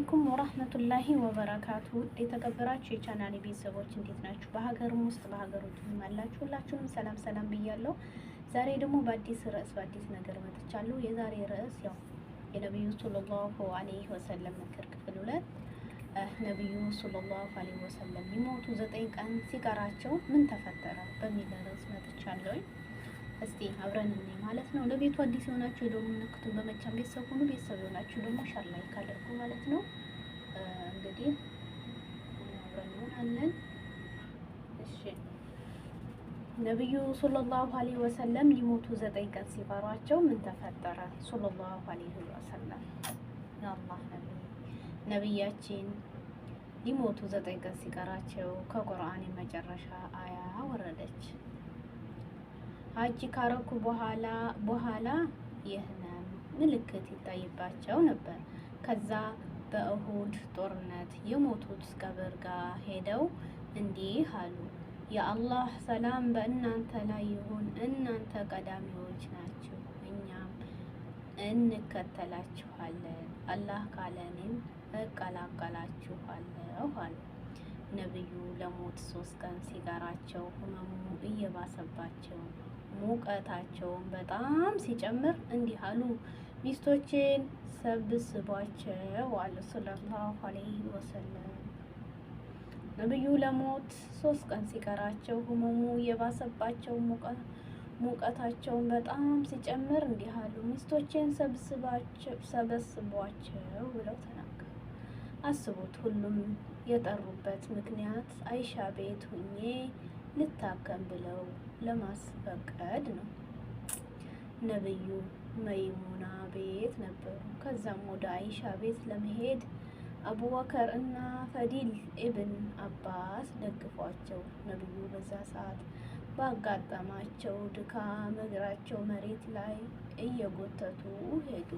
አለይኩም ወራህመቱላሂ ወበረካቱ የተከበራችሁ የቻናል ቤተሰቦች እንዴት ናችሁ? በሀገርም ውስጥ በሀገር ውጭም ያላችሁ ሁላችሁንም ሰላም ሰላም ብያለሁ። ዛሬ ደግሞ በአዲስ ርዕስ በአዲስ ነገር መጥቻለሁ። የዛሬ ርዕስ ያው የነቢዩ ሰለላሁ አለይሂ ወሰለም ምክር ክፍል ሁለት ነቢዩ ሰለላሁ አለይሂ ወሰለም ሊሞቱ ዘጠኝ ቀን ሲቀራቸው ምን ተፈጠረ በሚል ርዕስ መጥቻለሁ። እስቲ አብረን እኔ ማለት ነው። ለቤቱ አዲስ የሆናችሁ ደግሞ ምልክቱን በመጫን ቤተሰብ ሁኑ። ቤተሰብ የሆናችሁ ደግሞ ሸር ላይ ካደርጉ ማለት ነው። እንግዲህ አብረን እንሆናለን። እሺ ነቢዩ ሰለላሁ ዐለይሂ ወሰለም ሊሞቱ ዘጠኝ ቀን ሲቀሯቸው ምን ተፈጠረ? ሰለላሁ ዐለይሂ ወሰለም የአላህ ነቢይ ነቢያችን ሊሞቱ ዘጠኝ ቀን ሲቀራቸው ከቁርአን የመጨረሻ አያ ወረደች። ሀጂ ካረኩ በኋላ በኋላ የህመም ምልክት ይታይባቸው ነበር። ከዛ በእሁድ ጦርነት የሞቱት ቀብር ጋር ሄደው እንዲህ አሉ፣ የአላህ ሰላም በእናንተ ላይ ይሁን፣ እናንተ ቀዳሚዎች ናችሁ፣ እኛም እንከተላችኋለን። አላህ ካለንም እቀላቀላችኋለሁ አሉ። ነብዩ ለሞት ሶስት ቀን ሲቀራቸው ህመሙ እየባሰባቸው ሙቀታቸውን በጣም ሲጨምር እንዲህ አሉ፣ ሚስቶቼን ሰብስቧቸው አለ ሰለላሁ አለይሂ ወሰለም። ነብዩ ለሞት ሶስት ቀን ሲቀራቸው ህመሙ የባሰባቸው ሙቀታቸውን በጣም ሲጨምር እንዲህ አሉ፣ ሚስቶቼን ሰበስቧቸው ብለው ተናገሩ። አስቡት፣ ሁሉም የጠሩበት ምክንያት አይሻ ቤት ሁኜ ልታከም ብለው ለማስፈቀድ ነው። ነብዩ መይሙና ቤት ነበሩ። ከዛም ወደ አይሻ ቤት ለመሄድ አቡበከር እና ፈዲል ኢብን አባስ ደግፏቸው። ነብዩ በዛ ሰዓት ባጋጠማቸው ድካም እግራቸው መሬት ላይ እየጎተቱ ሄዱ።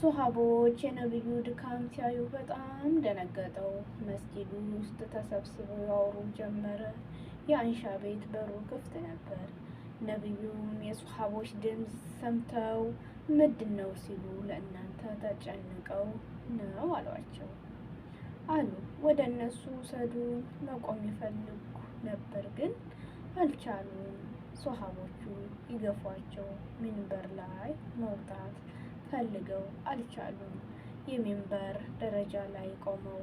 ሱሐቦች የነብዩ ድካም ሲያዩ በጣም ደነገጠው። መስጊዱ ውስጥ ተሰብስበው ያወሩ ጀመረ። የአንሻ ቤት በሩ ክፍት ነበር። ነብዩም የሱሐቦች ድምፅ ሰምተው ምንድን ነው ሲሉ ለእናንተ ተጨንቀው ነው አሏቸው አሉ። ወደ እነሱ ውሰዱ። መቆም ይፈልጉ ነበር ግን አልቻሉም። ሱሐቦቹ ይገፏቸው፣ ሚንበር ላይ መውጣት ፈልገው አልቻሉም። የሚንበር ደረጃ ላይ ቆመው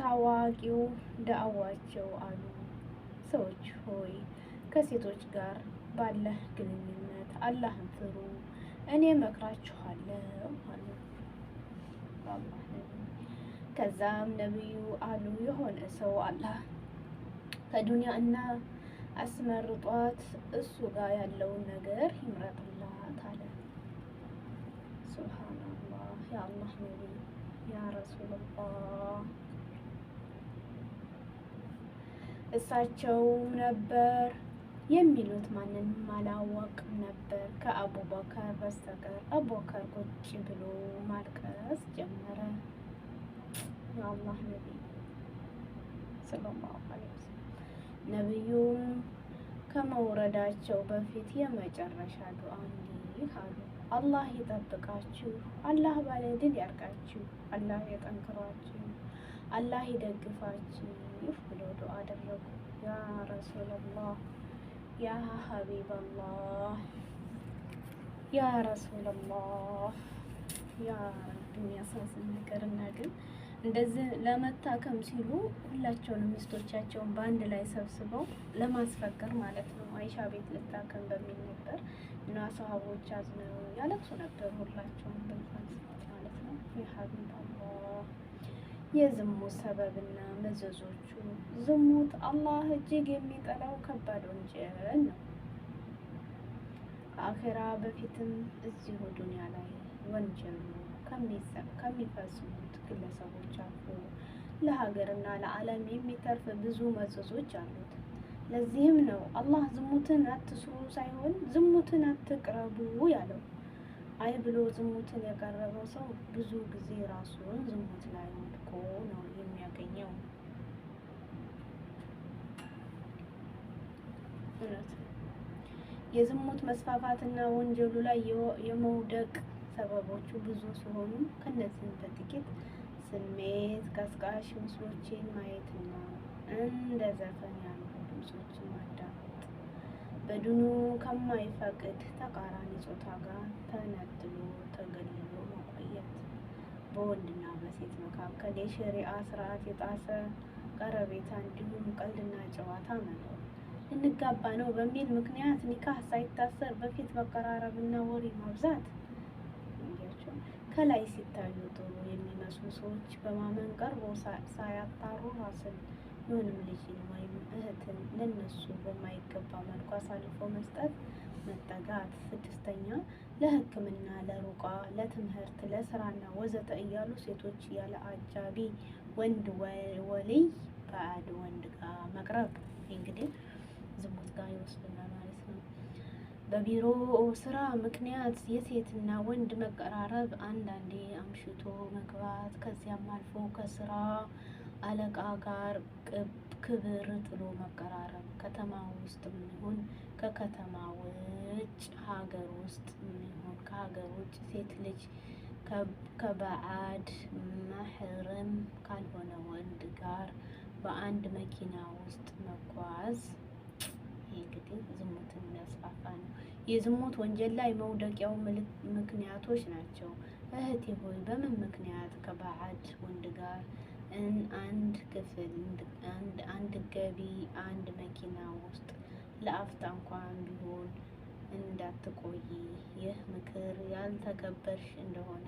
ታዋቂው ዳዕዋቸው አሉ፣ ሰዎች ሆይ ከሴቶች ጋር ባለህ ግንኙነት አላህን ፍሩ፣ እኔ መክራችኋለሁ አሉ። ከዛም ነቢዩ አሉ የሆነ ሰው አላህ ከዱንያ እና አስመርጧት እሱ ጋር ያለውን ነገር ይምረጥ አላህ ነቢ ያ ረሱልላህ እሳቸው ነበር የሚሉት ማንን ማላወቅ ነበር ከአቡበከር በስተቀር። አቡበከር ቁጭ ብሎ ማልቀስ ጀመረ። የአላህ ነቢ ሰለላሁ ዐለይሂ ወሰለም ነቢዩም ከመውረዳቸው በፊት የመጨረሻ ዱዓ እንዲህ አሉ። አላህ ይጠብቃችሁ። አላህ ባለድል ያርጋችሁ። አላህ ያጠንክሯችሁ። አላህ ይደግፋችሁ ብሎ ዱዓ አደረጉ። ያ ረሱላላህ ያ ሀቢባላህ ያ ረሱላላህ ያ የሚያሳዝን ነገር እና ግን እንደዚህ ለመታከም ሲሉ ሁላቸውንም ሚስቶቻቸውን በአንድ ላይ ሰብስበው ለማስፈቀር ማለት ነው። አይሻ ቤት ልታከም በሚል ነበር እና ሰሃቦች አዝነው ያለቅሱ ነበር። ሁላቸውም በፋንስ ማለት ነው። የሀቢብ የዝሙት ሰበብና መዘዞቹ ዝሙት አላህ እጅግ የሚጠላው ከባድ ወንጀል ነው። አኺራ በፊትም እዚሁ ዱንያ ላይ ወንጀል ነው። ከሚፈጽሙት ግለሰቦች ለሀገር ለሀገርና ለዓለም የሚተርፍ ብዙ መዘዞች አሉት። ለዚህም ነው አላህ ዝሙትን አትስሩ ሳይሆን ዝሙትን አትቅረቡ ያለው። አይ ብሎ ዝሙትን የቀረበው ሰው ብዙ ጊዜ ራሱን ዝሙት ላይ ወድቆ ነው የሚያገኘው። የዝሙት መስፋፋትና ወንጀሉ ላይ የመውደቅ ሰበቦቹ ብዙ ሲሆኑ ከነዚህም በጥቂት ስሜት ቀስቃሽ ምስሎችን ማየትና እንደ ዘፈን ያሉ ድምፆችን ማዳመጥ በድኑ ከማይፈቅድ ተቃራኒ ጾታ ጋር ተነጥሎ ተገልሎ መቆየት በወንድና በሴት መካከል የሸሪአ ስርዓት የጣሰ ቀረቤታ እንዲሁም ቀልድና ጨዋታ መኖር እንጋባ ነው በሚል ምክንያት ኒካህ ሳይታሰር በፊት መቀራረብና ወሬ ማብዛት ናቸው። ከላይ ሲታዩ ጥሩ የሚመስሉ ሰዎች በማመን ቀርቦ ሳያጣሩ ራስን ምንም ልጅን ወይም እህትን ለነሱ በማይገባ መልኩ አሳልፎ መስጠት መጠጋት። ስድስተኛ ለሕክምና፣ ለሩቃ፣ ለትምህርት፣ ለስራና ወዘተ እያሉ ሴቶች ያለ አጃቢ ወንድ ወልይ በአድ ወንድ ጋር መቅረብ እንግዲህ ዝሙት ጋር ይወስድናል። በቢሮ ስራ ምክንያት የሴትና ወንድ መቀራረብ፣ አንዳንዴ አምሽቶ መግባት፣ ከዚያም አልፎ ከስራ አለቃ ጋር ክብር ጥሎ መቀራረብ፣ ከተማ ውስጥ የሚሆን ከከተማ ውጭ፣ ሀገር ውስጥ የሚሆን ከሀገር ውጭ፣ ሴት ልጅ ከበዓድ መሕረም ካልሆነ ወንድ ጋር በአንድ መኪና ውስጥ መጓዝ ይህ እንግዲህ ዝሙትን የሚያስፋፋ ነው። የዝሙት ወንጀል ላይ መውደቂያው ምክንያቶች ናቸው። እህቴ ሆይ በምን ምክንያት ከባዕድ ወንድ ጋር አንድ ክፍል፣ አንድ ገቢ፣ አንድ መኪና ውስጥ ለአፍታ እንኳን ቢሆን እንዳትቆይ። ይህ ምክር ያልተከበርሽ እንደሆነ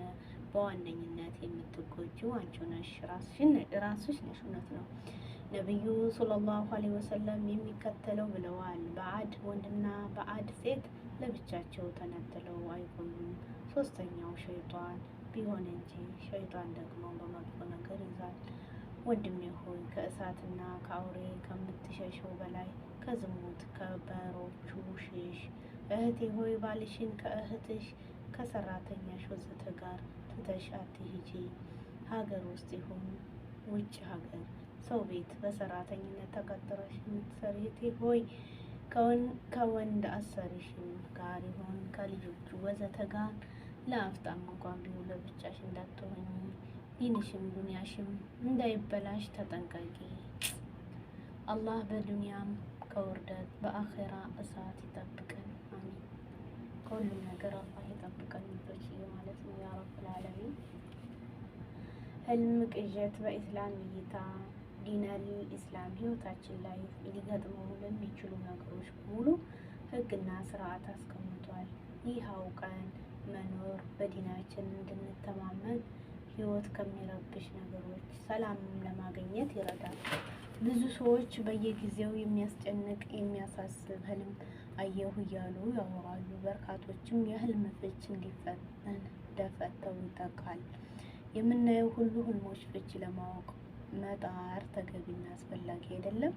በዋነኝነት የምትጎጂው አንቺ ነሽ፣ ራስሽ ነሽ። እውነት ነው። ነቢዩ ሰለላሁ አለይሂ ወሰለም የሚከተለው ብለዋል፣ በአድ ወንድና በአድ ሴት ለብቻቸው ተነጥለው አይቆዩም። ሶስተኛው ሸይጧን ቢሆን እንጂ ሸይጧን ደግሞ በመጥፎ ነገር ይዛል። ወንድሜ ሆይ ከእሳትና ከአውሬ ከምትሸሸው በላይ ከዝሙት ከበሮቹ ሽሽ። እህቴ ሆይ ባልሽን ከእህትሽ ከሰራተኛሽ ወዘተ ጋር ትተሽ አትሂጂ። ሀገር ውስጥ ይሁን ውጭ ሀገር ሰው ቤት በሰራተኝነት ተቀጥረሽ የምትሰሪ እህቴ ሆይ ከወንድ አሰሪሽም ጋር ይሁን ከልጆቹ ወዘተ ጋር ለአፍታም እንኳን ቢሆን ለብቻሽ እንዳትሆኝ ዲንሽም ዱንያሽም እንዳይበላሽ ተጠንቀቂ። አላህ በዱንያም ከውርደት በአኼራ እሳት ይጠብቃል። ከሁሉም ነገር አላህ ይጠብቀን ልጆች ማለት ነው። ያ ረብ ዓለሚን ህልም ቅዠት በኢስላም እይታ ዲናል ኢስላም ህይወታችን ላይ ሊገጥመው ለሚችሉ ነገሮች በሙሉ ህግና ስርዓት አስቀምጧል። ይህ አውቀን መኖር በዲናችን እንድንተማመን ህይወት ከሚረብሽ ነገሮች ሰላምም ለማግኘት ይረዳል። ብዙ ሰዎች በየጊዜው የሚያስጨንቅ የሚያሳስብ ህልም አየሁ እያሉ ያወራሉ። በርካቶችም የህልም ፍች እንዲፈተን ይጠቃል። የምናየው ሁሉ ህልሞች ፍች ለማወቅ መጣር ተገቢና አስፈላጊ አይደለም።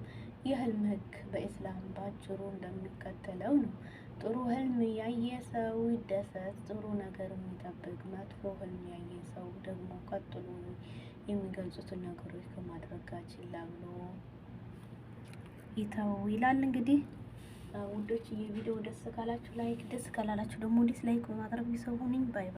የህልም ህግ በኢስላም ባጭሩ እንደሚከተለው ነው። ጥሩ ህልም ያየ ሰው ይደሰት፣ ጥሩ ነገር የሚጠብቅ። መጥፎ ህልም ያየ ሰው ደግሞ ቀጥሎ የሚገልጹትን ነገሮች ከማድረጋችን ላብሎ ይተው ይላል እንግዲህ ውዶች፣ የቪዲዮ ደስ ካላችሁ ላይክ፣ ደስ ካላላችሁ ደግሞ ዲስላይክ በማድረግ ቢሰው ባይ